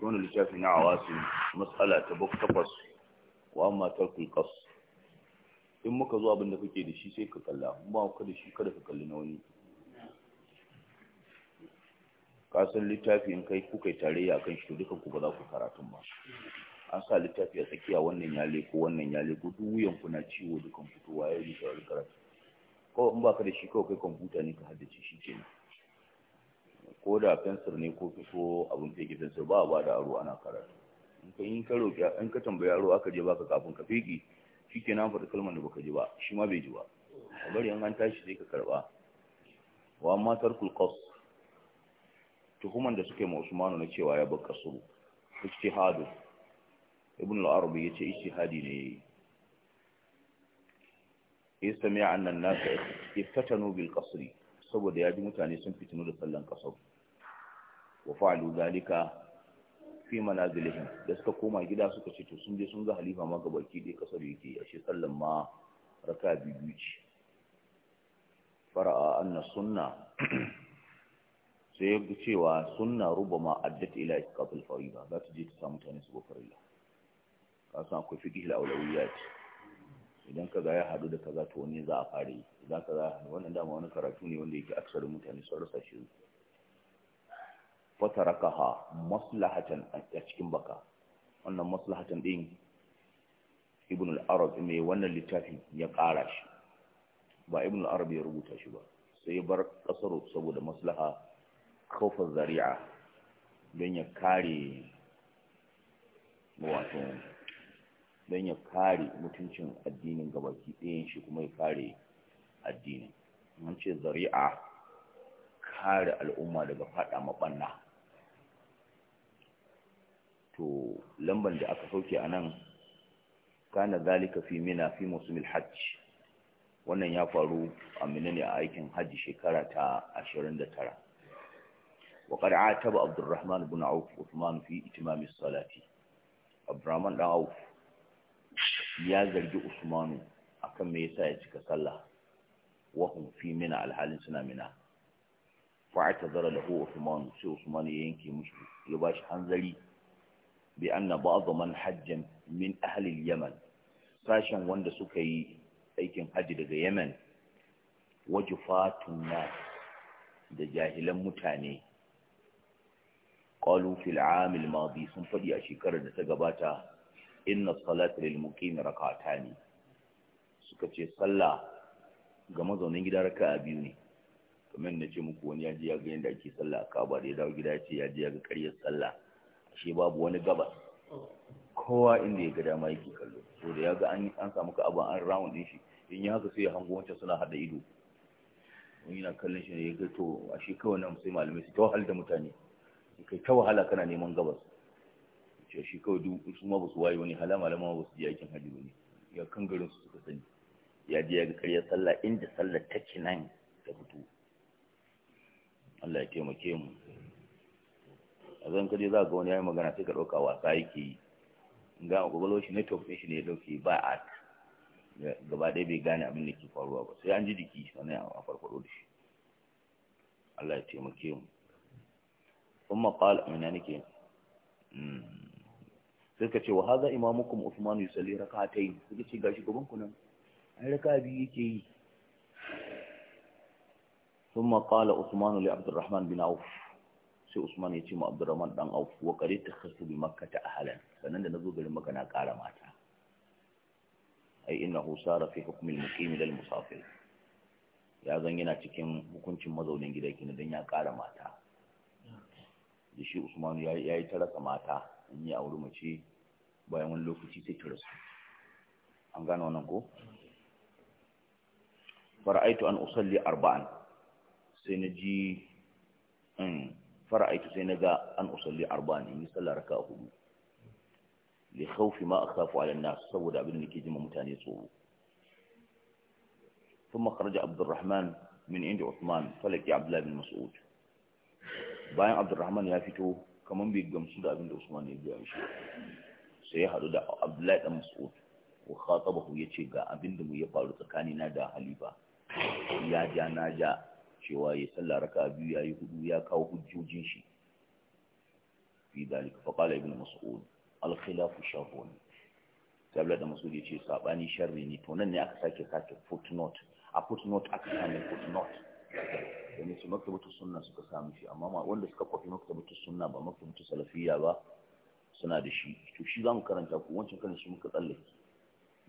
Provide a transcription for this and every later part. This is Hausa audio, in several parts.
wani littafi na awasu matsala ta takwas, wa amma ta kulkas in muka zo abin da kake da shi sai ka kalla ba ka da shi kada ka kalli na wani kasan littafi in kai kuka yi tarayya kan shi duka ku ba za ku karatun ba an sa littafi a tsakiya wannan ya leko wannan ya leko duk wuyan ku na ciwo dukan fitowa ya yi da karatu kawai in ba ka da shi kawai kai kwamfuta ne ka haddace shi kenan ko da fensir ne ko fito abin feki fensir ba ba da aro ana karatu in ka in ka in ka tambaya aro aka je baka kafin ka feki nan faɗi kalmar da baka ji ba shi ma bai ji ba bari an an tashi sai ka karba wa amma tarkul qas tuhuman da suke ma Usmanu na cewa ya bar kasuru ijtihadu ibn al-arabi yace ijtihadi ne yastami'a anna an-nas iftatanu bil qasri saboda ya ji mutane sun fitinu da sallan kasar wa fa'alu zalika fi manazilihim da suka koma gida suka ce to sun je sun ga halifa ma gabaki da kasar yake ashe sallan ma raka biyu ce fara'a anna sunna sai ya ga cewa sunna rubama addat ila iqatul fariba za ta je ta samu mutane su gofar Allah ka san akwai fiqh al idan ga ya hadu da kaza to ne za a fare idan ga wannan dama wani karatu ne wanda yake aksarin mutane sun rasa shi wata rakaha maslahatan a cikin baka wannan maslahatan ɗin ibn al-arab mai wannan littafin ya ƙara shi ba ibn al-arab ya rubuta shi ba sai bar ƙasar saboda maslaha kofar zari'a don ya kare wato don ya kare mutuncin addinin gabaki ɗayan shi kuma ya kare addinin mun ce zari'a kare al'umma daga faɗa maɓanna to lamban da aka sauke a nan kana zalika fi mina fi musulmin hajj. wannan ya faru a mina ne a aikin hajji shekara ta 29 wa ƙar'a taba abdurrahman bin auf usman fi itimami salati abdurrahman dan auf ya zargi usmanu akan me yasa ya cika sallah wahum fi mina alhalin suna mina fa'ata zara lahu usmanu sai usmanu ya yanke mushi ya bashi hanzari bi anna ba'd man hajjan min ahli al-yaman sashen wanda suka yi aikin haji daga Yemen wajufatun nas da jahilan mutane qalu fil am al-madi sun fadi a shekarar da ta gabata inna salata lil muqim rak'atani suka ce sallah ga mazaunin gida raka'a biyu ne kamar na ce muku wani ya je ya ga yadda ake sallah a kaba da ya dawo gida ya ce ya je ya ga karyar sallah shi babu wani gabas kowa inda ya ga dama yake kallo So da ya ga an samu ka abin an round din shi in ya haka sai ya hango wancan suna hada ido wani yana kallon shi ne ya ga to a shi kawai nan sai malamai su ta wahala da mutane kai ta wahala kana neman gabas ce shi kawai duk su ma ba su waye wani hala malama ba su ji aikin hajji wani ya kan garin su suka sani ya je ya ga karya sallah inda sallah take nan ta fito Allah ya taimake mu a zan kaje za ga wani ya yi magana sai ka ɗauka wasa yake yi ga gwagwalo shi ne tofe shi ne ya ɗauke ba a gaba ɗaya bai gane abin da ke faruwa ba sai an ji jiki sannan a farfaɗo da shi Allah ya taimake mu kuma qala amina nake sai ka ce wa haza imamukum Usman yusalli rak'atayn kuke ce gashi gaban ku nan ai raka'a biyu yake yi ثم قال عثمان لعبد الرحمن بن عوف sai usman ya ce ma abdurrahman dan auf wa ta takhasu bi makkah ahlan sannan da nazo garin makka na ƙara mata ai innahu sara fi hukm al-muqim lil musafir ya zan yana cikin hukuncin mazaunin gida kina dan ya ƙara mata da shi usman ya yi ta rasa mata in yi auri mace bayan wani lokaci sai ta rasu an gane wannan ko fara'aitu an usalli arba'an sai na ji hmm, fara'aitu sai na ga an usalli arba'in in yi sallar raka hudu li khawfi ma akhafu ala nas saboda abin da ke jima mutane tsoro ثم kharaja abdurrahman min inda usman falaki فلقي bin mas'ud bayan abdurrahman ya fito kaman bai gamsu da abin da usman ya gaya shi sai ya hadu da abdullahi dan mas'ud wa khatabahu yace ga abin da mu ya faru tsakani na da halifa ya ja na ja cewa ya sallah raka biyu ya yi hudu ya kawo hujjojin shi fi dalika faƙala ibn mas'ud alkhilafu shahun tabla da mas'ud ya ce sabani sharri ne to nan ne aka sake sake footnote a footnote aka same footnote da ne su maktabatu sunna suka sami shi amma ma wanda suka kwafi maktabatu sunna ba maktabatu salafiyya ba suna da shi to shi za mu karanta ko wancan karin shi muka tsallake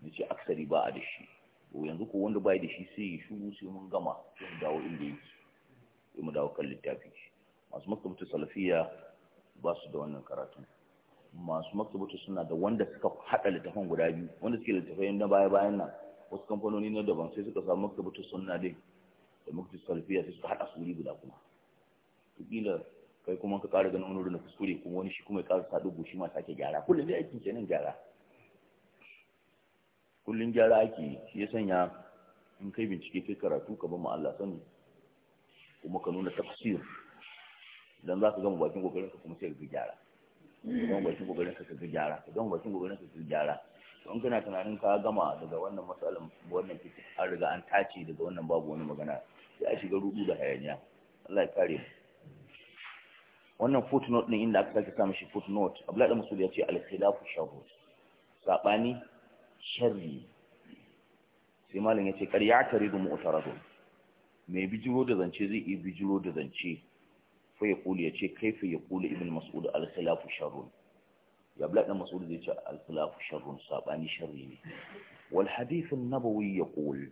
ne ce aksari ba a da shi to yanzu ko wanda bai da shi sai ya shuru sai mun gama sai mu dawo inda yake sai mu dawo kan littafi masu maktabatu salafiya ba su da wannan karatu masu maktabatu suna da wanda suka haɗa littafan guda biyu wanda suke littafai na baya bayan nan wasu kamfanoni na daban sai suka samu maktabatu sunna dai da maktabatu salafiya sai suka haɗa su wuri guda kuma kila kai kuma ka ƙara ganin wani wurin kuskure kuma wani shi kuma ya ƙara sa dubu shi ma sake gyara kullum dai aikin kenan gyara kullun gyara ake shi ya sanya in kai bincike kai karatu ka ba Allah sani kuma ka nuna tafsir idan za ka gama bakin kokarin ka kuma sai ka gyara don bakin kokarin ka ka gyara don bakin kokarin ka ka gyara don kana tunanin ka gama daga wannan matsalan wannan kici an riga an tace daga wannan babu wani magana sai a shiga rudu da hayaniya Allah ya kare wannan footnote din inda aka sake sa mishi footnote Abdullahi Masud ya ce al-khilafu shahud sabani sharri sai malam kar ya tare da mu'taradu mai bijiro da zance zai yi bijiro da zance fa ya kula ya kai kaifa ya kula ibn mas'ud al-khilafu sharrun ya bla dan mas'ud zai ce al-khilafu sharrun sabani sharri ne wal hadith an-nabawi kul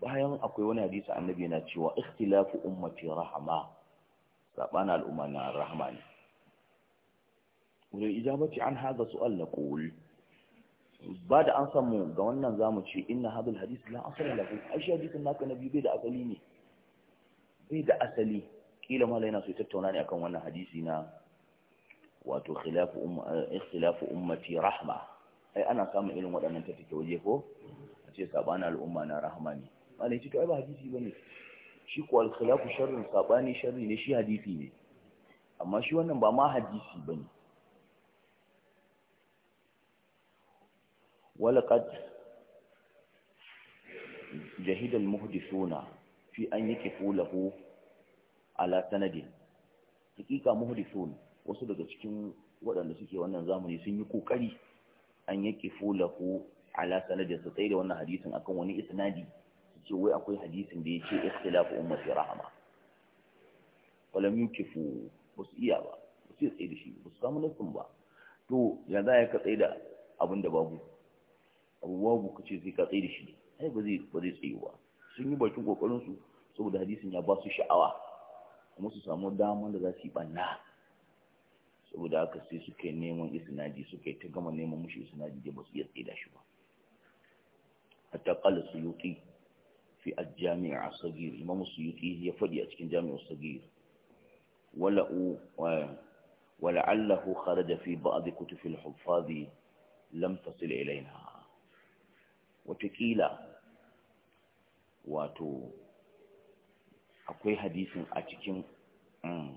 bayan akwai wani hadisi annabi yana cewa ikhtilafu ummati rahama sabana al-umma na rahmani wa ijabati an su su'al naqul ba da an samu ga wannan zamu ce inna hadal hadis la asala lahu ashe hadisin naka nabi bai da asali ne bai da asali kila ma yana so tattauna ne akan wannan hadisi na wato khilafu um ikhtilafu ummati rahma ai ana samun irin waɗannan tattake waje ko a ce sabana al'umma na rahma ne malai yace to ai ba hadisi bane shi ko al khilafu sharrin sabani sharri ne shi hadisi ne amma shi wannan ba ma hadisi bane ولقد جهد المحدثون في أن يكفوا له على سند حقيقة محدثون wasu daga cikin waɗanda suke wannan zamani sun yi ƙoƙari an yake fulahu ala sanadin su tsaye da wannan hadisin akan wani isnadi su ce wai akwai hadisin da ya ce ikhtilafu ummati rahama walam yukifu ba su iya ba ba su tsaye da shi ba su samu nasin ba to ya za ka tsaye da abin da babu abubuwa ku ce zai ka da shi ne ai ba zai ba ba sun yi bakin kokarin su saboda hadisin ya ba su sha'awa kuma su samu damar da za su yi banna saboda aka sai suke neman isnadi suke ta gama neman mushi isnadi da ba su iya tsaye da shi ba hatta qala suyuti fi al-jami' as-saghir imam suyuti ya faɗi a cikin jami'ar as-saghir wala'u ولعله خرج في بعض كتب الحفاظ لم تصل إلينا watakila wato akwai hadisin a cikin mm,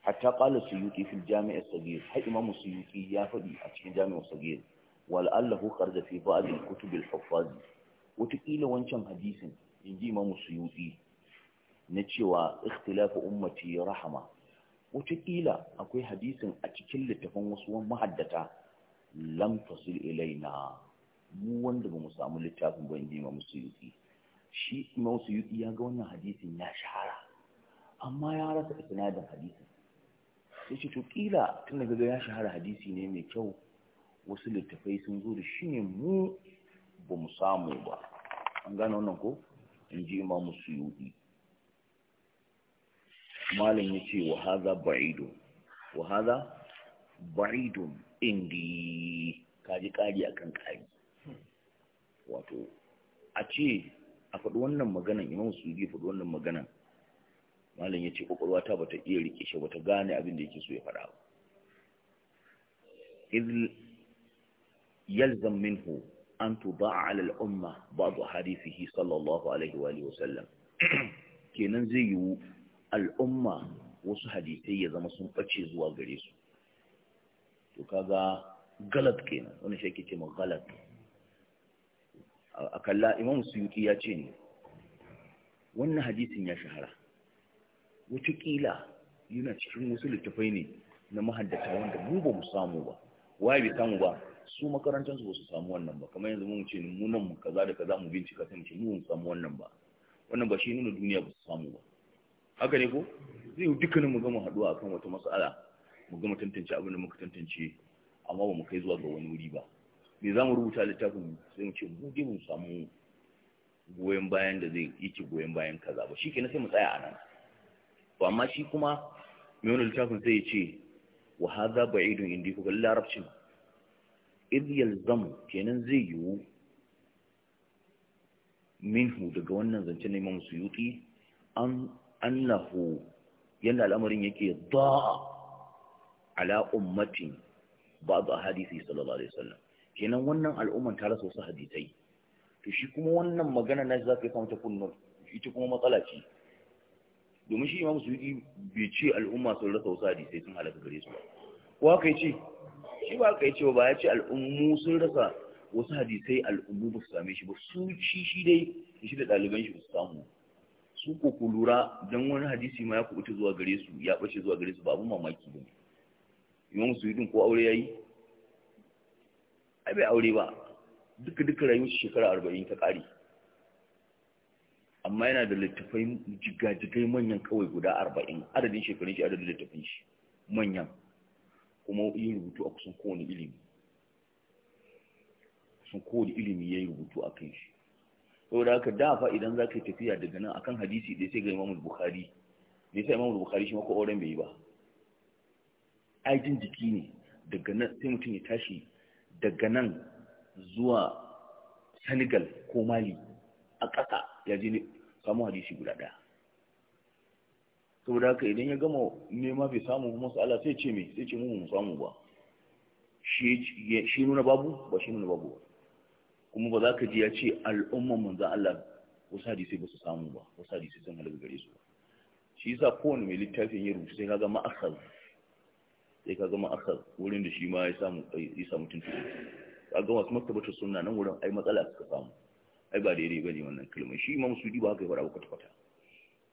hatta qala suyuti fil jami' as-saghir hay imam suyuti ya fadi a cikin jami' as-saghir wal allahu da fi ba'd al-kutub al-huffaz watakila wancan hadisin inji imam suyuti na cewa ikhtilafu ummati rahama watakila akwai hadisin a cikin littafin wasu mahaddata lam tasil ilaina mu wanda ba mu samu littafin ba mu su Suyuti shi Imam Suyuti ya ga wannan hadisin ya shahara amma ya rasa isnadin hadisin sai ce to kila tun daga ya shahara hadisi ne mai kyau wasu littafai sun zo da shi ne mu ba mu samu ba an gane wannan ko inji Imam Suyuti malam yace wa haza ba'idun wa haza ba'idun indi kaji kari akan kari wato a ce a faɗi wannan maganan imam yi faɗi wannan maganan malam ya ce ƙwaƙwalwa ta bata iya rike shi bata gane abin da yake so ya faɗa ba izil yalzam minhu an ba a alal umma ba ba'd hadithihi sallallahu alaihi wa sallam. kenan zai yiwu al'umma wasu hadisai ya zama sun ɓace zuwa gare su to kaga galat kenan wani shi ake ce ma galat a kalla imam suyuti ya ce ne wannan hadisin ya shahara wata kila yana cikin wasu littafai ne na mahaddata wanda mu ba mu samu ba waye bai samu ba su makarantar ba su samu wannan ba kamar yanzu mun ce mu nan mu kaza da kaza mu bincika sai mu ce mu samu wannan ba wannan ba shi nuna duniya ba su samu ba haka ne ko zai yi dukkanin mu gama haduwa akan wata matsala mu gama tantance abin da muka tantance amma ba mu kai zuwa ga wani wuri ba me za mu rubuta littafin sai mu ce mu mu samu goyon bayan da zai yake goyon bayan kaza ba na sai mu tsaya a nan to amma shi kuma me wani littafin sai ya ce wa hadha idon indi ku kalli larabcin id zamu kenan zai yiwu minhu daga wannan zance na Imam Suyuti an annahu yanda al'amarin yake da ala ummatin a hadisi sallallahu alaihi wasallam kenan wannan al'umman ta rasa wasu hadisai to shi kuma wannan magana na za ka yi ta kunnon ita kuma matsala ce domin shi imamu suyi bai ce al'umma sun rasa wasu hadisai sun halaka gare su ko haka ya ce shi ba haka ya ce ba ya ce al'ummu sun rasa wasu hadisai al'ummu ba su same shi ba su shi shi dai shi da ɗaliban shi ba su samu su ko ku lura don wani hadisi ma ya kubuta zuwa gare su ya ɓace zuwa gare su ba abin mamaki ba ne imamu suyutin ko aure ya yi ai bai aure ba duka duka rayuwar shekara arba'in ta ƙari amma yana da littafai jigajigai manyan kawai guda arba'in adadin shekarun shi adadin littafin shi manyan kuma yi rubutu a kusan kowane ilimi kusan kowane ilimi ya yi rubutu a kan shi Sau da haka dafa idan za ka yi tafiya daga nan akan hadisi da ya sai ga imamul bukhari da ya sai imamul bukhari shi mako auren bai yi ba ai jin jiki ne daga nan sai mutum ya tashi daga nan zuwa Senegal ko Mali a ƙasa ya je samu hadisi guda ɗaya saboda haka idan ya gama nema bai samu kuma su ala sai ce me sai ce mu mu samu ba shi nuna babu ba shi nuna babu kuma ba za ka ji ya ce al'umman manzan Allah wasu hadisi ba su samu ba wasu hadisi sun halaga gare su ba. shi yasa kowane mai littafin ya rubuta sai kaga ma'akar. sai ka gama aka wurin da shi ma ya samu ya samu tuntuɓe ka gama kuma maktabata suna nan wurin ai matsala suka samu ai ba daidai bane wannan kalmar shi ma musu ba haka ya faɗa kwata kwata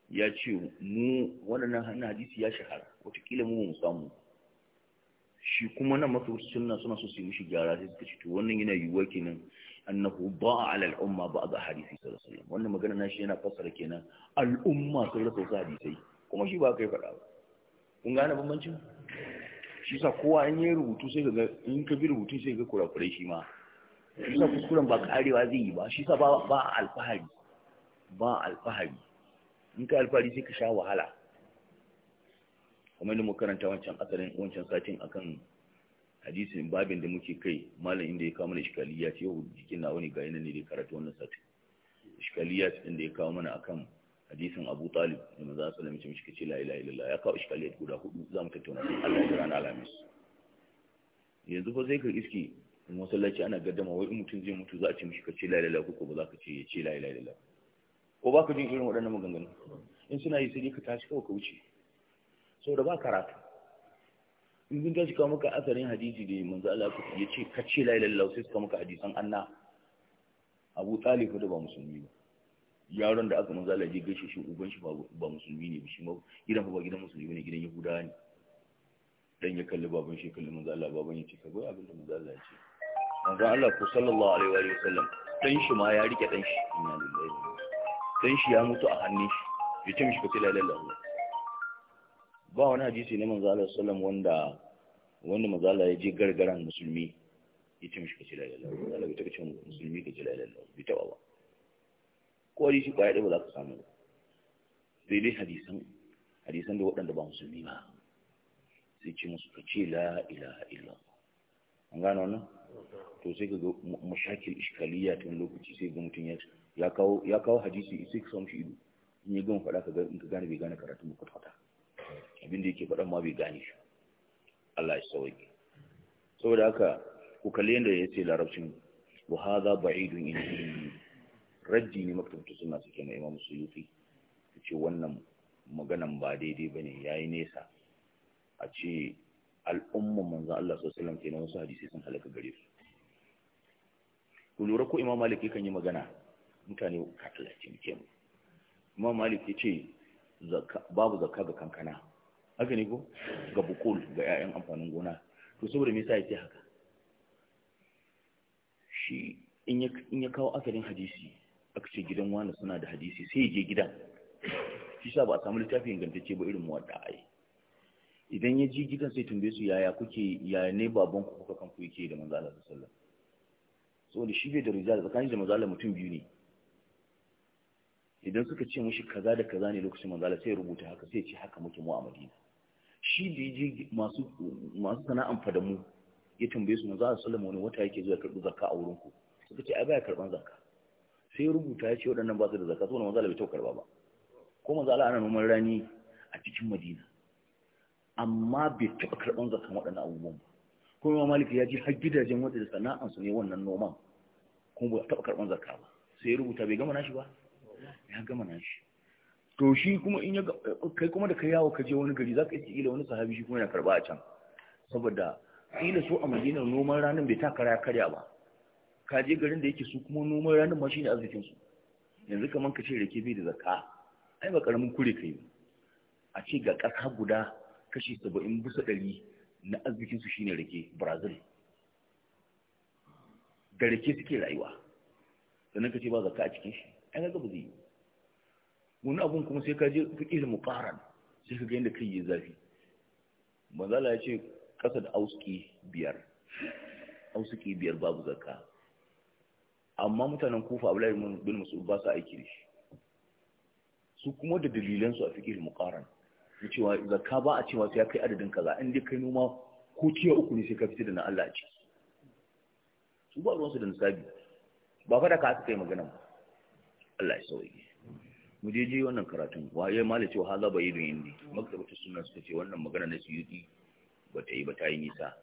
ya ce mu wannan hannun hadisi ya shahara watakila mu mu samu shi kuma nan maktabata sunna suna so su yi mishi gyara sai suka ce to wannan yana yiwuwa kenan annahu ba'a ala alal umma ga hadisi sallallahu alaihi wasallam wannan magana nashi yana fassara kenan al-umma sun rasa hadisi kuma shi ba kai faɗa ba kun gane bambancin shi sa kowa an yi rubutu sai ga in ka bi rubutu sai ga kurakure shi ma shi sa kuskuren ba karewa zai yi ba shi sa ba alfahari ba alfahari in ka alfahari sai ka sha wahala kamar da karanta wancan asalin wancan satin akan hadisin babin da muke kai malam inda ya kawo mana iskaliya ce yau jikin na wani ga yana ne da karatu wannan satin iskaliya din da ya kawo mana akan hadisin Abu Talib da Maza sallallahu alaihi wasallam shi ce la ilaha illallah ya kawo iskaliyat guda hudu za mu tattauna su Allah ya rana alamis yanzu ko sai ka iski in masallaci ana gaddama wai in mutum zai mutu za a ce mishi ka ce la ilaha illallah ko ba za ka ce ya ce la ilaha illallah ko ba ka jin irin waɗannan maganganu in suna yi sai ka tashi kawai ka wuce saboda ba karatu in sun tashi kawo maka asarin hadisi da manzo Allah ya ce ka ce la ilaha illallah sai suka maka hadisan anna Abu Talib da ba musulmi ba yaron da aka Manzala Allah ya gaishe shi uban shi ba musulmi ne shi ma gidan ba gidan musulmi ne gidan yahuda ne dan ya kalli baban shi kalli manzala baban ya ce ka ga abin da ya ce manzo Allah ko sallallahu alaihi wa sallam dan shi ma ya rike dan shi inna lillahi dan shi ya mutu a hannun shi ya ce mishi ka ce la ilaha ba wani hadisi na manzo Allah sallam wanda wanda manzala ya je gargaran musulmi ya ce mishi ka ce la ilaha illallah ka ce musulmi ka ce la ilaha illallah bi tawaba ko shi kwaya ɗaya ba za ka samu ba sai dai hadisan hadisan da waɗanda ba musulmi ba sai ce musu ka ce la ilaha illa an gano wannan to sai ka ga mashakil iskaliya tun lokaci sai ga mutum ya kawo ya kawo hadisi sai ka samu shi ido in yi gama faɗa ka ga in ka gane bai gane karatu ba kwata abin da yake faɗa ma bai gane shi Allah ya sauke saboda haka ku kalli yadda ya ce larabcin wa hadha ba'idun inni Rajji ne maktabta suna suke na imam suyuti ta ce wannan maganan ba daidai ba ne ya yi nesa a ce al'umman manzan Allah sosalam ke na wasu hadisi sun halaka gare su ku lura ko imam malik yakan yi magana mutane katala ce muke mu imam malik ya ce babu zakka ga kankana haka ne ko ga bukul ga 'ya'yan amfanin gona to saboda me yasa ya ce haka shi in ya kawo asalin hadisi aka ce gidan wani suna da hadisi sai ya je gidan shi sa ba a samu littafi ingantacce ba irin muwadda ai idan ya ji gidan sai tumbe su yaya kuke yaya ne baban ku kuka kanku yake da manzo Allah sallallahu alaihi wasallam saboda shi bai da rijal tsakanin da manzo Allah mutum biyu ne idan suka ce mushi kaza da kaza ne lokacin manzo Allah sai rubuta haka sai ce haka muke mu a Madina shi da yaji masu masu sana'an fadamu ya tambaye su manzo Allah sallallahu alaihi wasallam wani wata yake zuwa karbi zakka a wurin ku suka ce ai baya karɓan zakka sai rubuta ya ce waɗannan ba su da zakatu saboda maza Allah bai taukar ba ko maza Allah ana noman rani a cikin Madina amma bai taɓa karɓar zakan waɗannan abubuwan ba kuma maliki ya ji har gidajen sana'an su ne wannan noman kuma ba taɓa karɓar zakka ba sai rubuta bai gama nashi ba ya gama nashi to shi kuma in ya kai kuma da kai yawo ka je wani gari zaka yi ila wani sahabi shi kuma yana karɓa a can saboda ila so a Madina noman ranar bai taka ya karya ba Kaje garin da yake su kuma noman ranar ma shine arzikin su yanzu kaman ka ce rake bai da zakka ai ba karamin kure kai a ce ga ƙasa guda kashi 70 bisa 100 na arzikin su shine rake Brazil da rake suke rayuwa sannan ka ce ba zakka a cikin shi ai ga ba zai yi wani abun kuma sai ka je fiqil muqaran sai ka ga yanda kai yi zafi manzala ya ce ƙasa da auski biyar auski biyar babu zakka amma mutanen kufa abdullahi bin mas'ud ba su aiki da shi su kuma da dalilan su a fiqh muqaran cewa zakka ba a cewa sai kai adadin kaza in dai kai noma ko tiya uku ne sai ka fita da na Allah a ciki su ba ruwansu da nisabi ba fa da ka aka yi magana ba Allah ya sauke mu je je wannan karatun Wa waye malace wa hala bai da yindi maktabatu sunna suka ce wannan magana na suyuti ba ta yi ba ta yi nisa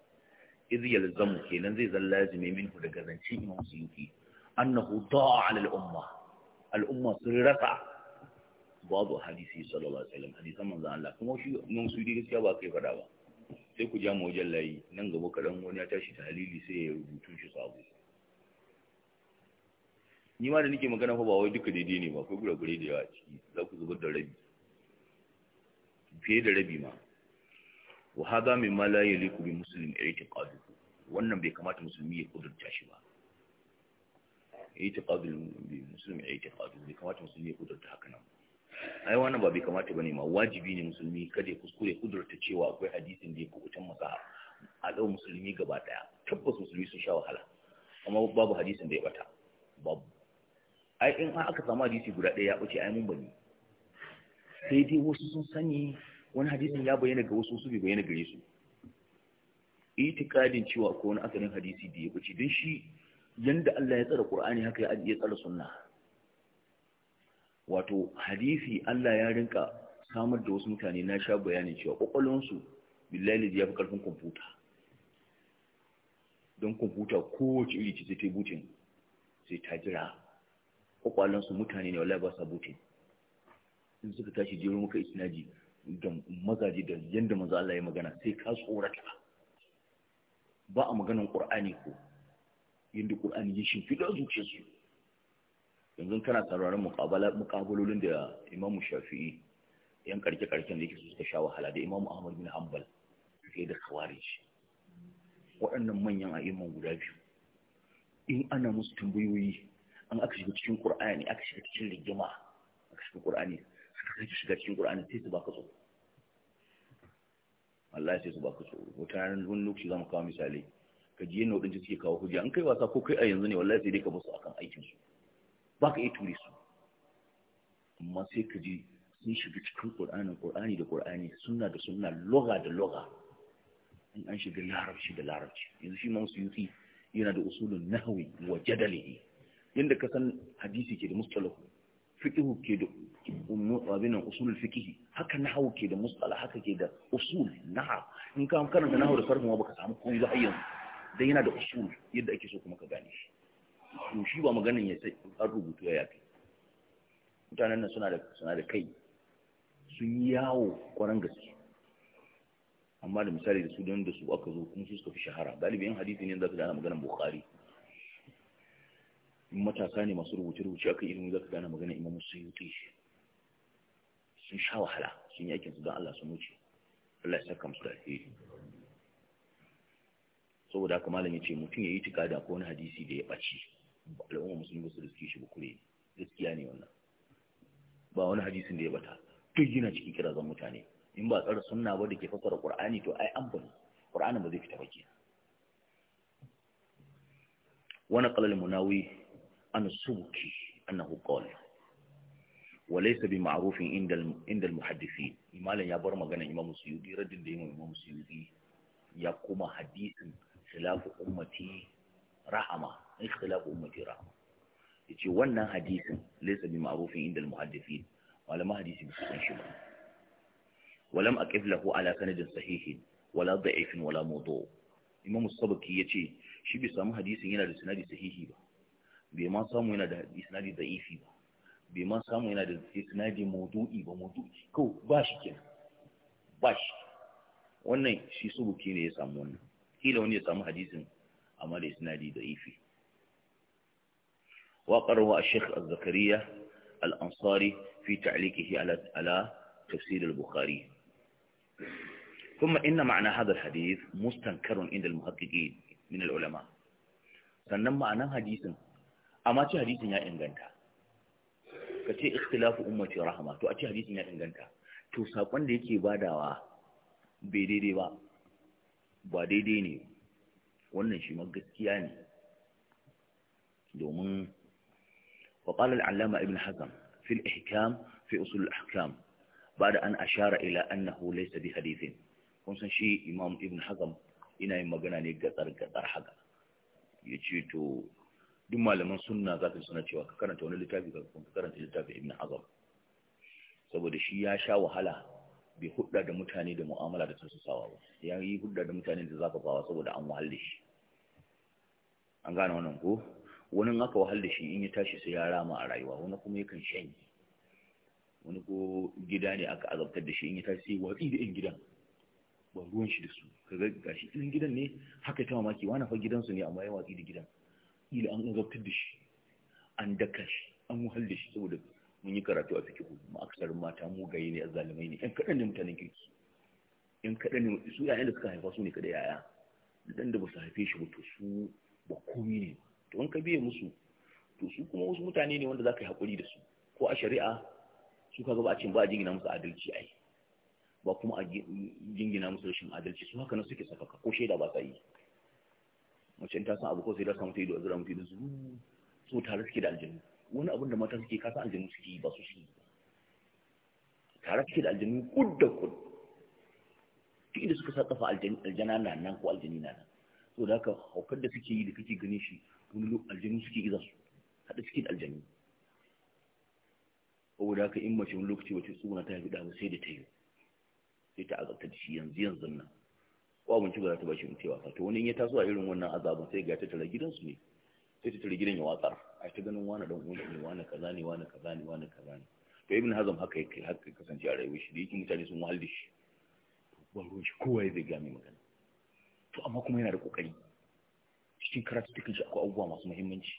iz yalzamu kenan zai zan lazimi minhu daga zanci imam suyuti annahu ta'a 'ala al-umma al-umma sun rasa babu hadisi sallallahu alaihi wasallam hadisan manzon Allah kuma shi mun su gaskiya ba kai fada ba sai ku ja mu wajen layi nan gaba kadan wani ya tashi ta tahlili sai ya rubutu shi sabo ni ma da nike magana fa ba wai duka daidai ne ba kai gure-gure da yawa ciki za ku zubar da rabi fiye da rabi ma wa hada min ma la yaliku bi muslim i'tiqaduhu wannan bai kamata musulmi ya kudurta shi ba itiqadul muslimi itiqadul bai kamata musulmi ya kudurta haka nan ai wannan ba bai kamata bane ma wajibi ne musulmi kada ya kuskure kudurta cewa akwai hadisin da ya kubutan masa a dau musulmi gaba daya tabbas musulmi sun sha wahala amma babu hadisin da ya bata babu ai in aka samu hadisi guda daya ya bace ai mun bane sai dai wasu sun sani wani hadisin ya bayyana ga wasu su bai bayyana gare su itikadin cewa ko wani asalin hadisi da ya bace don shi yanda Allah ya tsara Qur'ani haka ya ajiye tsara sunna wato hadisi Allah ya rinka samar da wasu mutane na sha bayanin cewa kwakwalwansu billahi ya fi karfin kwamfuta don kwamfuta kowace iri ce ta butin sai ta jira su mutane ne wallahi ba sa butin in suka tashi jero muka isnaji da mazaje da yanda maza Allah ya magana sai ka tsorata ba a maganan Qur'ani ko yadda ƙur'ani ya zuciya su yanzu kana sauraron muƙabalolin da imamu shafi'i yan karke-karken da yake suka sha wahala da imamu ahmad bin hanbal fiye da kawari waɗannan manyan a'imman guda biyu in ana musu tambayoyi an aka shiga cikin ƙur'ani aka shiga cikin rigima aka shiga ƙur'ani suka shiga cikin ƙur'ani sai su baka tsoro Allah sai su baka tsoro wata ranar wani lokaci za mu kawo misali ka ji yin waɗanda suke kawo hujja an kai wasa ko kai a yanzu ne wallahi sai dai ka musu akan aikin su ba ka iya ture su amma sai ka ji sun shiga cikin ƙur'anin ƙur'ani da ƙur'ani suna da suna loga da loga in an shiga larabci da larabci yanzu shi mamsu yufi yana da usulun nahwi wa jadali yanda ka san hadisi ke da mustalahu fiqhu ke da abinan usulul fiqhi haka nahwu ke da mustalah haka ke da usul nahw in ka karanta nahwu da farkon ba ka samu komai ba yanzu dai yana da usul yadda ake so kuma ka gane shi to shi ba maganin ya sai an rubutu ya yafi mutanen nan suna da suna da kai sun yi yawo kwaran gaske amma da misali da su don da su aka zo kuma su suka fi shahara galibin hadisi ne za ka gane maganar bukhari in matasa ne masu rubuce-rubuce aka ilimi za ka gane magana imamu suyuti sun sha wahala sun yi aikinsu don Allah sun wuce Allah ya saka musu da alheri saboda haka malam ya ce mutum ya yi tikada ko wani hadisi da ya ɓaci al'umma musulmi ba su riski shi kure. gaskiya ne wannan ba wani hadisin da ya bata duk yana cikin kirazan mutane in ba tsara sunna ba da ke fasara qur'ani to ai an bani qur'anin ba zai fita ba kenan wani qalal munawi an subki annahu qala وليس بمعروف inda al المحدثين malan ya bar magana Imam Suyuti raddin da Imam Suyuti ya kuma hadisin ikhtilafu ummati rahama ikhtilafu ummati rahama yace wannan hadisin laysa bi ma'rufin inda al-muhaddithin malama hadisi bi san shi ba walam aqif lahu ala sanadin sahihin wala da'ifin wala mawdu' imam as-sabaki yace shi bai samu hadisin yana da sanadi sahihi ba bai ma samu yana da sanadi da'ifi ba bai ma samu yana da ba ba shi kenan ba shi wannan shi subuki ne ya samu wannan kila wani ya samu hadisin amma da isnadi da ifi وقروا الشيخ الزكريا الأنصاري في تعليقه على على تفسير البخاري ثم إن معنى هذا الحديث مستنكر عند المحققين من العلماء sannan ma'anan hadisin amma ce hadisin ya inganta ka ce ikhtilafu ummati rahma to a ce hadisin ya inganta to sakon da yake badawa bai daidai ba ba daidai ne wannan shi gaskiya ne domin وقال العلامة ابن حزم في الإحكام في أصول الأحكام بعد أن أشار إلى أنه ليس بحديث kunsan shi imam ibn hazam ina yin magana ne gatsar-gatsar haka ya ce to duk malaman sunna za su suna cewa ka karanta wani littafi ka karanta littafi ibn hazam saboda shi ya sha wahala bai hudda da mutane da mu'amala da sawa ba ya yi hudda da mutane da bawa saboda an wahal da shi an gane wannan ko wani aka wahal da shi in ya tashi sai ya rama a rayuwa wani kuma yakan shanyi wani ko gida ne aka azabtar da shi in ya tashi sai watsi da yan gidan ba ruwan shi da su kaga gashi in gidan ne haka ta mamaki wani fa gidansu ne amma ya watsi da gidan ila an azabtar da shi an daka shi an wahal da shi saboda mun yi karatu a fikihu kuma aksarin mata mugaye ne azzalumai ne yan kaɗan ne mutanen kirki yan kaɗan ne su yayan da suka haifa su ne kaɗai yaya dan da ba su haife shi ba to su ba komi ne to in ka biye musu to su kuma wasu mutane ne wanda za ka yi haƙuri da su ko a shari'a su ka ba a cin ba a jingina musu adalci ai ba kuma a jingina musu rashin adalci su haka nan suke safaka ko shaida ba sa yi mace ta san abu ko sai da samu ta yi da azura mutu idan su Su tare suke da aljanu wani abin da mata suke kasa aljanu suke yi ba su shi tare suke da aljanu kud da kud duk inda suka sa kafa aljana na nan ko aljani na nan so da haka haukar da suke yi da kake ganin shi wani aljanu suke iza su haɗa suke da aljanu saboda haka in mace wani lokaci wace tsuguna ta haifi damu sai da ta yi sai ta azabta da shi yanzu yanzu nan ko abinci ba za ta ba shi mutuwa ka to wani in ya taso a irin wannan azabin sai ga ta tara gidansu ne sai ta tare gidan ya watsar a ta ganin wani don uwan ne wani kaza ne wani kaza ne wani kaza ne to ibn hazm haka yake haka kasance a rayuwar shi da yake mutane sun wahalde shi ba ruwan shi kowa ya zai ga mai magana to amma kuma yana da kokari cikin karatu cikin shi akwai abubuwa masu muhimmanci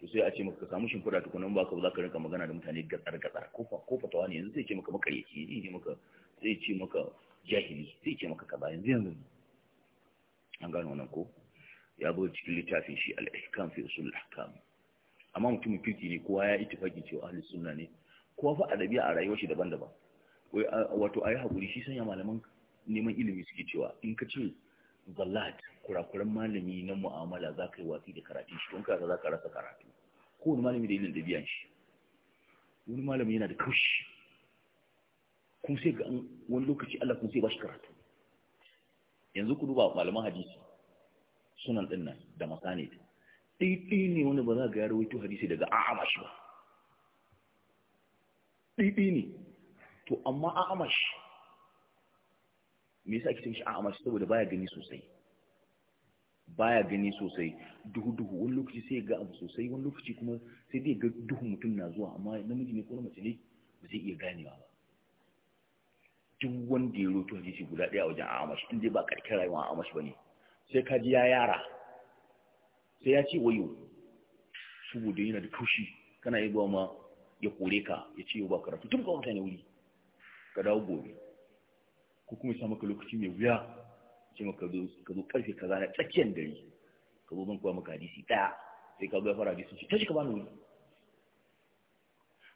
to sai a ce maka ka samu shimfiɗa tukunan ba ka ba za ka rinka magana da mutane gatsar gatsar kofa ko fatawa ne yanzu sai ce maka makaryaci zai ce maka zai ce maka jahili zai ce maka kaza yanzu yanzu an gano wannan ko ya zo cikin littafin shi al-ihkam fi usul al-ahkam amma mutumin kirki ne kowa ya ittifaki cewa ahli sunna ne kowa fa adabi a rayuwar shi daban-daban wato ayi hakuri shi sanya malaman neman ilimi suke cewa in ka ce zallat kurakuran malami na mu'amala za ka yi watsi da karatun shi don ka za ka rasa karatu kowane malami da ilin da biyan shi wani malami yana da kaushi kun sai ga wani lokaci Allah kun sai ba shi karatu yanzu ku duba malaman hadisi sunan din nan da masani ɗiɗi ne wani ba za ga ya rawaito hadisi daga a'amash ba ɗiɗi ne to amma a'amash me yasa ake cin shi a'amash saboda baya gani sosai baya gani sosai duhu-duhu wani lokaci sai ga abu sosai wani lokaci kuma sai dai ga duhu mutum na zuwa amma namiji ne ko mace ne ba zai iya ganewa ba duk wanda ya roto hadisi guda ɗaya a wajen A'amash, in dai ba karkar rayuwa A'amash ba ne sai ka ji ya yara sai ya ce wayo saboda yana da kaushi kana yi ma ya kore ka ya ce yau ba karatu tun wata ne wuri ka dawo gobe ko kuma sa maka lokaci mai wuya ce maka ka zo karfe ka na tsakiyar dare ka zo zan kuwa maka hadisi ɗaya sai ka zo ya fara hadisi ce ta shi ka bani wuri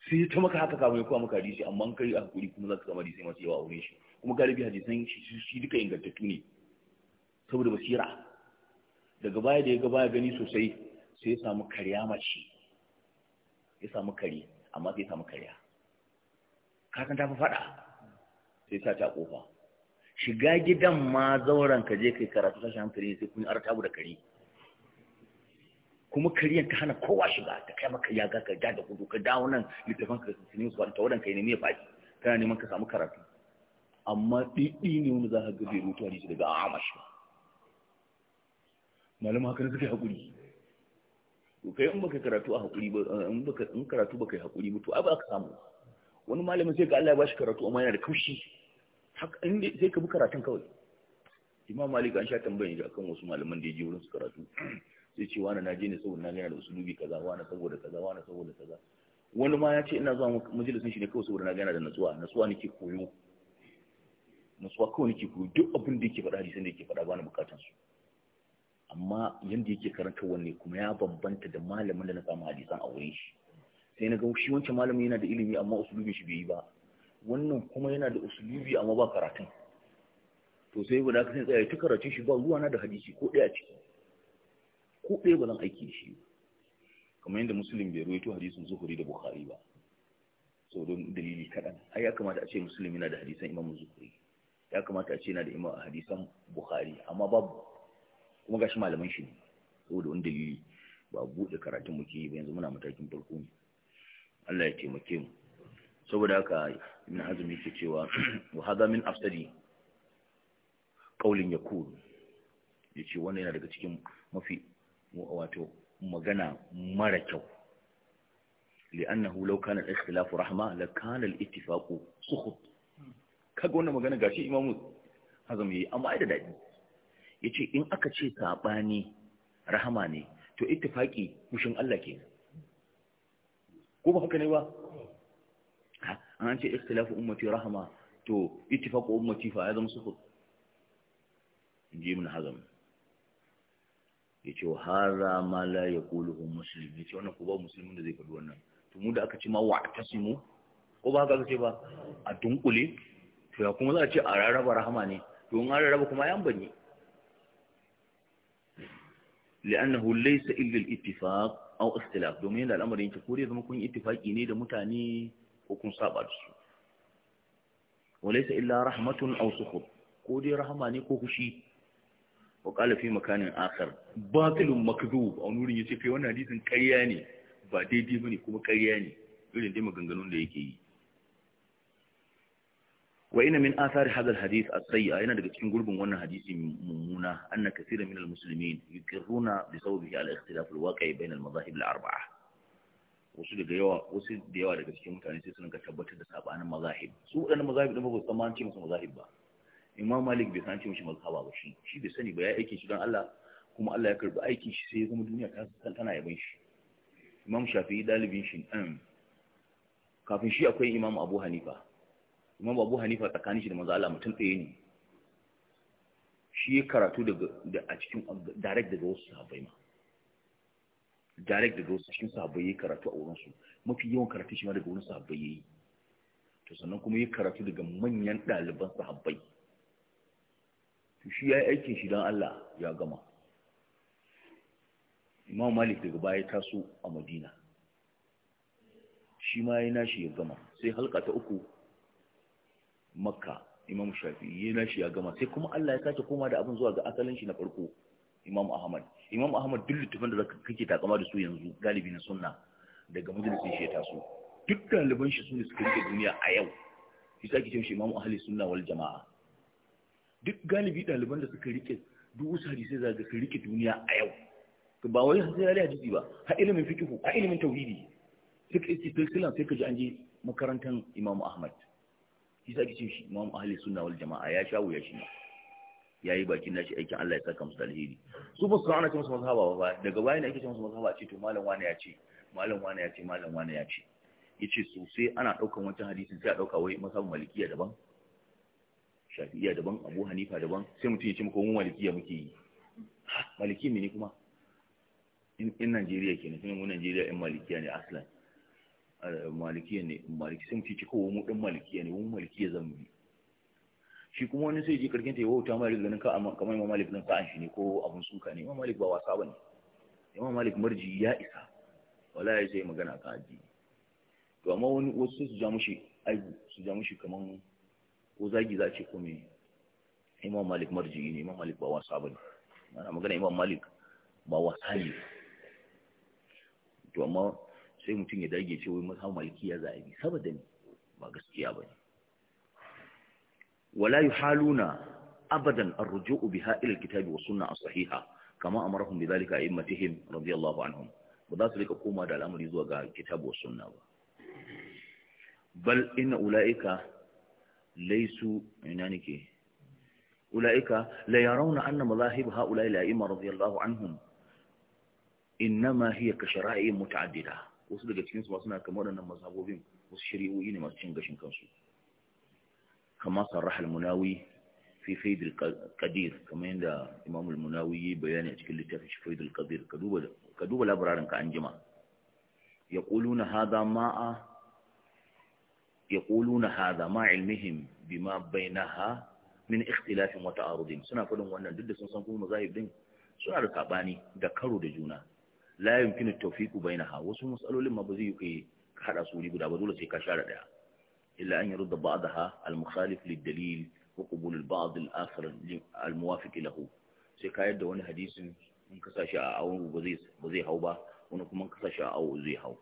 sai ta maka haka kamar ya kuwa maka hadisi amma kai a hakuri kuma za ka kama hadisi masu yawa a wurin shi kuma galibi hadisan shi duka ingantattu ne saboda basira daga baya da ya ga baya gani sosai sai ya samu karya mace ya samu kari, amma sai ya samu karya kakan ta fi faɗa sai sa ta kofa shiga gidan ma zauren ka je kai karatu sashen hankali sai kun tabu da kari. kuma kariyan ta hana kowa shiga ta kai maka ya ga ka ja da kudu ka dawo nan littafin ka sun yi su ta wadan kai ne ya faɗi kana neman ka samu karatu amma ɗiɗi ne wani za ka ga bai rutuwa ne daga amashi malama haka suka yi haƙuri to kai in baka karatu a haƙuri ba eh, in baka in karatu baka yi haƙuri ba to ai ba ka samu wani malamin sai ka Allah ya bashi karatu amma yana da kaushi haka inda sai ka bi karatun kawai Imam Malik an sha tambayin shi akan wasu malaman da ya je wurin su karatu sai ce wani na je ne saboda na gana da usulubi kaza wani saboda kaza wani saboda kaza wani ma ya ce ina zuwa majalisin shi ne kawai saboda na gana da natsuwa natsuwa nake koyo natsuwa kawai nake koyo duk abin da yake faɗa hadisin da yake faɗa ba na su amma yanda yake karanta wanne kuma ya bambanta da malamin da na samu hadisan a wurin shi sai na ga shi wancan malamin yana da ilimi amma usulubi shi bai yi ba wannan kuma yana da usulubi amma ba karatun to sai guda kasan tsaye ta karatun shi ba ruwa na da hadisi ko ɗaya a ciki ko ɗaya ba zan aiki shi kamar yadda musulun bai ruwaito hadisin zuhuri da bukhari ba sau don dalili kaɗan ai ya kamata a ce musulun yana da hadisan imamu zuhuri ya kamata a ce yana da imamu hadisan bukhari amma babu kuma gashi malaman shi ne saboda wani dalili ba a buɗe karatun muke yi ba yanzu muna matakin farko Allah ya taimake mu saboda haka ibn hazm ke cewa wa haza min afsadi qawlin Ya yace wannan yana daga cikin mafi wato magana mara kyau li'annahu law kana al-ikhtilafu rahma la kana al-ittifaqu sukhut kaga wannan magana gashi imamu hazm yi amma ai da dadi yace in aka ce saɓani rahama ne to ittifaki fushin Allah kenan ko ba haka ne ba an ce ikhtilafu ummati rahama to ittifaqu ummati fa ya zama sufur inji ibn hazm yace wa mala ma la yaquluhu muslim yace wannan ko ba musulmin da zai faɗi wannan to mu da aka ce ma wa'tasimu ko ba haka ce ba a dunkule to ya kuma za a ce a rarraba rahama ne to in an rarraba kuma ya bane لأنه ليس إلا الاتفاق أو اختلاف دومين الأمر ينكي كوري إذا ما اتفاق إني دا متاني وكن صعب أدسو وليس إلا رحمة أو سخط كوري رحماني كوكشي وقال في مكان آخر باطل مكذوب أو نور يسي في وانا حديث كرياني بعد دي بني كما كرياني يقول دي مغنغنون ليكي wa ina min athari hadha alhadith as-sayyi yana daga cikin gurbin wannan hadisi mummuna anna kaseera min almuslimin yuqirruna bi sawbihi ala ikhtilaf alwaqi' bayna almadahib al-arba'a wasu daga yawa wasu da yawa daga cikin mutane sai sun ga tabbatar da sabanin mazahib su wadannan mazahib din ba su san ce musu mazahib ba imam malik bai san ce mishi mazhaba ba shi shi bai sani ba ya aike shi don Allah kuma Allah ya karbi aikin shi sai ya zama duniya ta san tana yabon shi imam shafi'i dalibin shi um, kafin shi akwai imam abu hanifa imam abu hanifa tsakanin shi da manzo Allah mutum tsaye ne shi ya karatu daga a cikin direct daga wasu sahabbai ma direct daga wasu cikin sahabbai ya karatu a wurinsu mafi yawan karatu shi ma daga wurin sahabbai ya yi to sannan kuma ya karatu daga manyan ɗaliban sahabbai to shi ya yi aikin shi don Allah ya gama imam malik daga baya taso a madina shi ma ya nashi ya gama sai halka ta uku makka imam shafi'i ya shi ya gama sai kuma Allah ya sake koma da abin zuwa ga asalin shi na farko imam ahmad imam ahmad duk littafin da kake takama da su yanzu galibi na sunna daga majalisin shi ya taso duk ɗaliban shi sune suka rike duniya a yau shi sake cewa shi imam ahli sunna wal jama'a duk galibi ɗaliban da suka rike duk wasu hadisai zaga su rike duniya a yau ba wai sai ya hadisi ba ha ilimin fiqh ha ilimin tauhidi sai ka istiqlal sai ka ji an je makarantar imam ahmad shi sa kice shi imam ahli sunna wal jama'a ya sha wuya shi yayi bakin nashi aikin Allah ya saka musu alheri su ba su ana cewa mazhaba ba daga bayan ake cewa mazhaba ce to malam wani ya ce malam wani ya ce malam wani ya ce yace so sai ana daukan wancan hadisin sai a dauka wai masabu malikiya daban shafi'iya daban abu hanifa daban sai mutum ya ce muku mu malikiya muke yi maliki ne kuma in Najeriya kenan sai mu Najeriya in malikiya ne aslan malikiya ne maliki sun fi cika wa mu ɗin malikiya ne wani malikiya zan bi shi kuma wani sai ji karkin ta yi wauta mai ganin ka kamar imam malik nan sa'an shi ne ko abun suka ne imam malik ba wasa ba ne imam malik marji ya isa wala ya sai magana ka addini to amma wani wasu sai su ja mushi aibu su ja mushi kaman ko zagi za ce ko me imam malik marji ne imam malik ba wasa ba ne ana magana imam malik ba wasa ne to amma sai mutum ya dage ce wai mazhab malikiya za a yi saboda ne ba gaskiya bane wala yuhaluna abadan arruju'u biha ila alkitabi wa sunnah as-sahiha kama amarahum bidhalika a'immatihim radiyallahu anhum ba za su rika koma da al'amari zuwa ga kitabu wa sunna ba bal inna ulaika laysu ina nake ulaika la yarawna anna madahib ha'ula'i al-a'imma radiyallahu anhum إنما هي كشرائع متعددة wasu daga cikin su suna kamar waɗannan mazhabobin wasu shari'o'i ne masu cin gashin kansu kama sarrahal munawi fi faidul qadir kamar yadda al munawi ya bayani a cikin littafin shi faidul qadir ka duba ka duba ka anjima yaquluna hadha ma'a yaquluna hadha ma ilmihim bima bainaha min ikhtilafin wa ta'arudin suna fadin wannan duk da sun san kuma mazahib din suna da sabani da karo da juna la yumkinu tawfiqu bainaha wasu matsalolin ma ba zai yi hada su wuri guda ba dole sai ka share daya illa an yurda ba'daha al-mukhalif lid-dalil wa qabul al-ba'd al-akhar al-muwafiq lahu sai ka yadda wani hadisin in ka sashi a awon ba zai ba zai hau ba wani kuma ka sashi a awu zai hau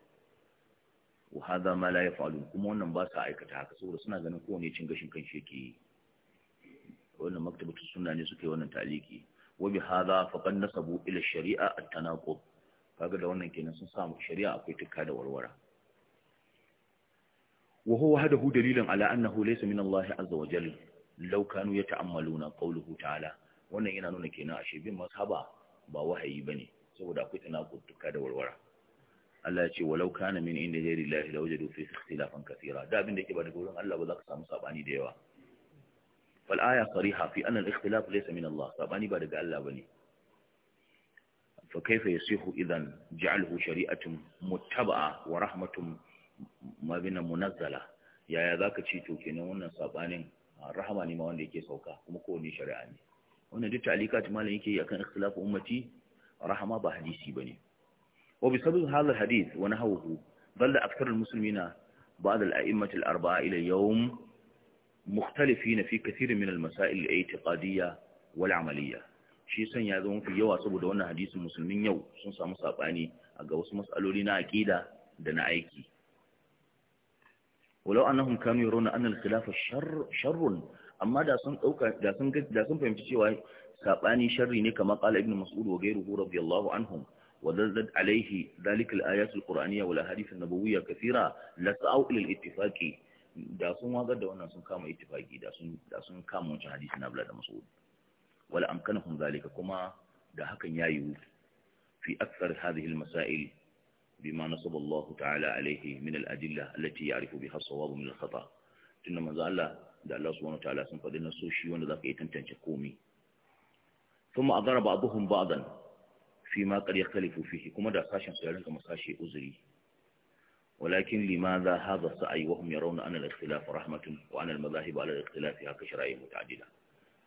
wa hadha ma la yaf'alun kuma wannan ba sa aikata haka saboda suna ganin kowane cin gashin kan shi yake wannan maktabatu sunna ne suke wannan taliki wa bi hadha faqad nasabu ila shari'a at-tanaqub kaga da wannan kenan sun samu shari'a akwai tukka da warwara wa huwa hadahu dalilan ala annahu laysa min Allah azza wa jalla law kanu yata'ammaluna qawluhu ta'ala wannan yana nuna kenan ashe bin mazhaba ba wahayi bane saboda akwai tanaqud tukka da warwara Allah ya ce walau kana min inda ghairi Allah la wajadu fi ikhtilafan kathira da abin da yake ba daga wurin Allah ba za ka samu sabani da yawa fal aya sariha fi anna al-ikhtilaf laysa min Allah sabani ba daga Allah bane فكيف يصيح إذا جعله شريعة متبعة ورحمة ما بين منزلة يا يا ذاك تشيتو كنا ونا سابانين رحمة نما وانا يكي سوكا ومكوني شريعة ونا دي تعليقات مالا يكي يكن اختلاف أمتي رحمة بحديثي بني وبسبب هذا الحديث ونهوه ظل أكثر المسلمين بعض الأئمة الأربعة إلى يوم مختلفين في كثير من المسائل الاعتقادية والعملية shi son ya zama mafi yawa saboda wannan hadisin musulmin yau sun samu saɓani a ga wasu matsaloli na aƙida da na aiki walau annahum kanu yarawna anna al-khilafa sharrun amma da sun da sun da sun fahimci cewa saɓani sharri ne kamar ƙala ibn mas'ud wa ghayruhu radiyallahu anhum wa dalat alayhi dhalika al-ayat al-qur'aniyya wal ahadith an-nabawiyya kathira las'au ila al-ittifaqi da sun wagar da wannan sun kama ittifaqi da sun da sun kama wancan hadisi na Abdullah da Mas'ud wala amkanahum zalika kuma da hakan ya yiwu fi aksar hadhihi al-masail bima nasaba Allah ta'ala alayhi min al-adilla allati ya'rifu biha as-sawab min al-khata tunda manzo Allah da Allah subhanahu wa ta'ala sun faɗi nasoshi wanda zaka yi tantance komai ثم أضرب بعضهم بعضا فيما قد يختلف فيه كما دا ساشن سيارن كما ساشي أزري ولكن لماذا هذا السعي وهم يرون أن الاختلاف رحمة وأن المذاهب على الاختلاف هكذا شرائع متعددة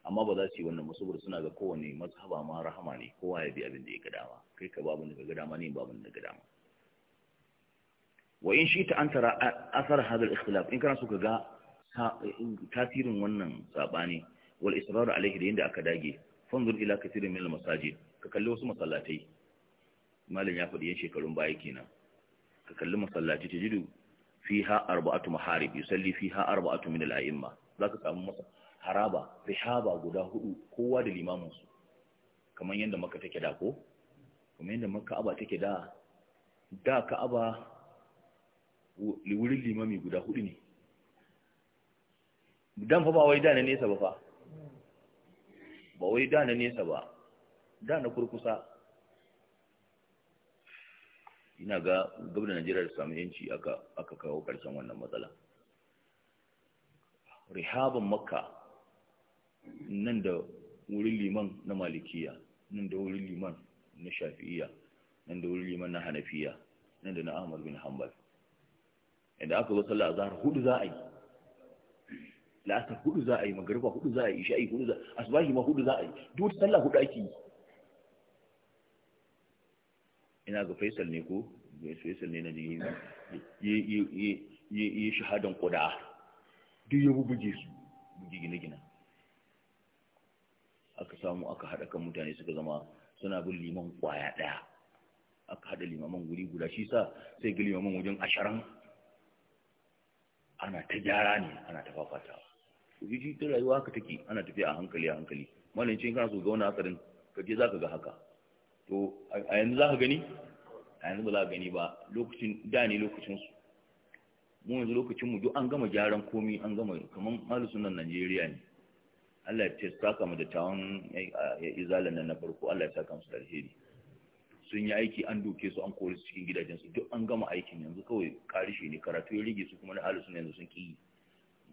amma ba za su yi wannan saboda suna ga kowane mazhaba ma rahama ne kowa ya bi abin da ya gada dama kai ka babu daga ga ma ne babu da ga ma wa in shi ta an tara asar hadal ikhtilaf in kana so ka ga tasirin wannan sabani wal israr Alayhi da yanda aka dage fanzur ila kathirin min al masajid ka kalli wasu masallatai malam ya faɗi yan shekarun baya kenan ka kalli masallaci tajidu fiha arba'atu maharib yusalli fiha arba'atu min al a'imma zaka samu masallaci haraba rihaba guda hudu kowa da limamin su kamar yadda makka take da ko kamar yadda makka aba take da da ka'aba wurin limami guda hudu ne dan fa ba wai da na nesa ba fa ba wai da na nesa ba da na kurkusa ina ga gabda Najeriya da samu yanci aka kawo karshen wannan matsala rihaban makka nan da wurin liman na malikiya nan da wurin liman na shafi'iya nan da wurin liman na hanafiya nan da na ahmad bin hanbal inda aka zo sallah azhar hudu za a yi la'asar hudu za a yi magariba hudu za a yi isha'i hudu za a asbahi ma hudu za a yi duk sallah hudu ake yi ina ga faisal ne ko faisal ne na jini ya yi shahadan kuda duk ya bubuge su bugi gine-gine aka samu aka haɗa kan mutane suka zama suna bin liman ƙwaya ɗaya aka haɗa limaman guri guda shi sa sai ga limaman wajen ashirin ana ta gyara ne ana ta fafata shi ta rayuwa haka take ana tafiya a hankali a hankali malancin kana so ga wani akarin ka je za ka ga haka to a yanzu za ka gani a yanzu ba za ka gani ba lokacin da ne lokacinsu mu yanzu mu duk an gama gyaran komi an gama kamar sunan najeriya ne Allah ya taka saka mu da tawon ya eh, eh, izalan nan na farko Allah ya saka musu alheri sun yi aiki an doke su an kori su cikin gidajen su. duk an gama aikin yanzu kawai karishe ne karatu ya rige su kuma na alisu yanzu sun ki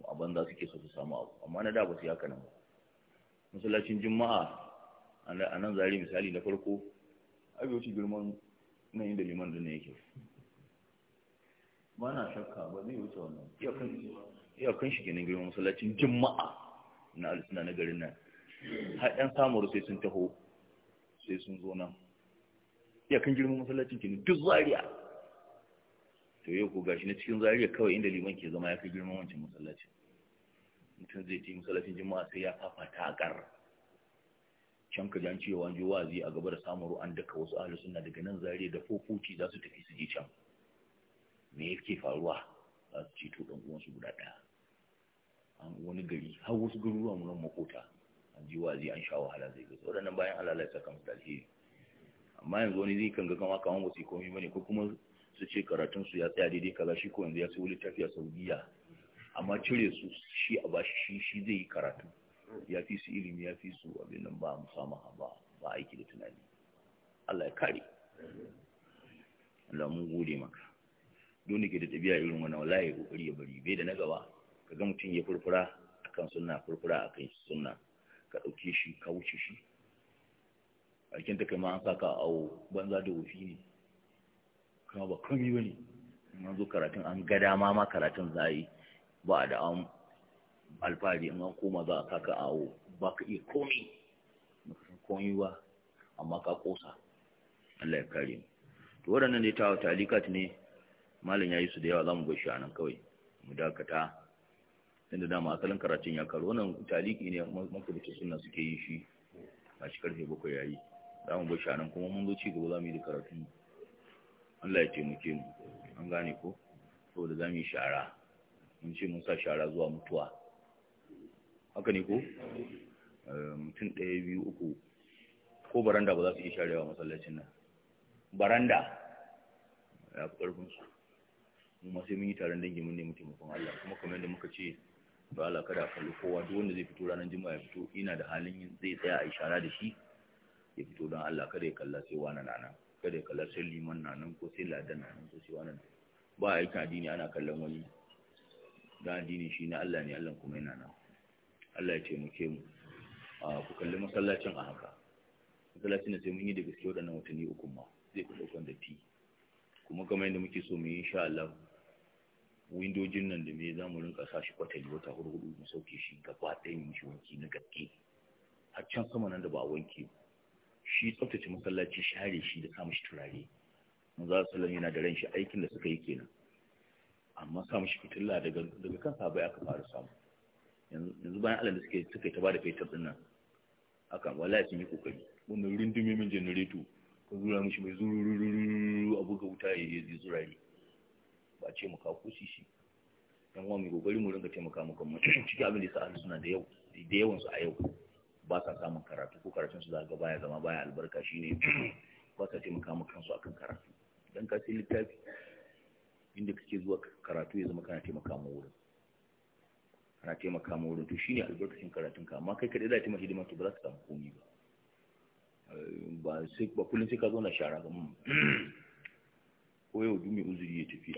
a banza suke so su samu abu amma na da ba su yi haka nan ba masallacin juma'a a nan zari misali na farko abi wuce girman nan inda liman din ne yake ba na shakka ba zai wuce wannan iyakan shi kenan girman masallacin juma'a na alisuna na garin nan har yan samun sai sun taho sai sun zo nan kan girman masallacin kenan duk zariya to yau ko gashi na cikin zariya kawai inda liman ke zama ya fi girman wancan masallacin mutum zai ci masallacin jima'a sai ya fafa a kar can ka jan cewa ji wazi a gaba da samun ru'an daka wasu ahalu suna daga nan zariya da fofuci za su tafi su je can me yake faruwa za su ci to ɗan uwansu guda ɗaya an wani gari har wasu garuruwa mu nan makota an ji wazi an sha wahala zai gaza waɗannan bayan Allah ya saka musu alheri amma yanzu wani zai kanga kama kaman wasu komai bane ko kuma su ce karatun su ya tsaya daidai kaza shi ko yanzu ya sayo littafi a Saudiya amma cire su shi a bashi shi shi zai yi karatu ya fi su ilimi ya fi su abin nan ba mu samu ba ba aiki da tunani Allah ya kare Allah mun gode maka don ke da tabiya irin wannan wallahi kokari ya bari bai da na gaba kaga mutum ya furfura akan sunna furfura akan sunna ka ɗauke shi ka wuce shi alkinta kai ma an saka awo banza da wufi ne kuma ba komi ba ne an zo karatun an ga dama ma karatun za yi ba da an alfahari in an koma za a saka awo ba ka iya komi ba ka komi ba amma ka kosa Allah ya kare mu to waɗannan ne ta talikat ne malam ya yi su da yawa za mu bar shi a nan kawai mu dakata inda dama asalin karatun ya karo wannan taliki ne makarata suna suke yi shi a shi karfe bakwai ya yi za mu bashi nan kuma mun zo ci gaba za mu yi da karatun Allah ya taimake mu an gane ko saboda za mu yi shara mun ce mun sa shara zuwa mutuwa haka ne ko eh, mutum ɗaya biyu uku ko baranda ba za su iya sharewa masallacin nan baranda ya fi ƙarfinsu Mun ma sai mun yi taron dangi mun nemi taimakon Allah kuma kamar yadda muka ce Ba Allah kada kalli kowa duk wanda zai fito ranar juma'a ya fito ina da halin yin zai tsaya a ishara da shi ya fito don Allah kada ya kalla sai wani nana kada ya kalla sai liman nanan ko sai ladan nanan ko sai wani ba a aikin addini ana kallon wani dan addini shi na Allah ne Allah kuma yana nan Allah ya taimake mu a ku kalli masallacin a haka masallacin da sai mun yi da gaske waɗannan watanni uku ma zai fi ɗaukan datti kuma kamar yadda muke so mu yi insha Allah windojin nan da me za mu rinka sa shi kwatali wata hudu mu sauke shi gaba ɗaya mu shi wanki na gaske A can sama nan da ba a wanke shi tsaftace masallaci share shi da samun shi turare mu za su yana da ran shi aikin da suka yi kenan amma mu shi fitilla daga daga kan sabai aka fara samu yanzu bayan Allah da suke suka ta bada fetur din nan haka wallahi sun yi kokari wannan rundume min generator ko zura mishi mai zururu abu ga wuta ya yi zurare ba ce muka kawo kusi shi yan uwa mu gogari mu ringa taimaka muka mutum ciki abin da sa'adu suna da yau da yawan su a yau ba sa samun karatu ko karatun su zaga baya zama baya albarka shine ba sa taimaka muka kansu akan karatu dan ka sai littafi inda kake zuwa karatu ya zama kana taimaka mu wurin kana taimaka mu wurin to shine albarkacin karatun ka amma kai kadai za ta mahidima to ba za ka samu komi ba eh, ba sai ba kullun sai ka zo na shara ga mu. Hmm. ko yau dumi uzuri ya tafi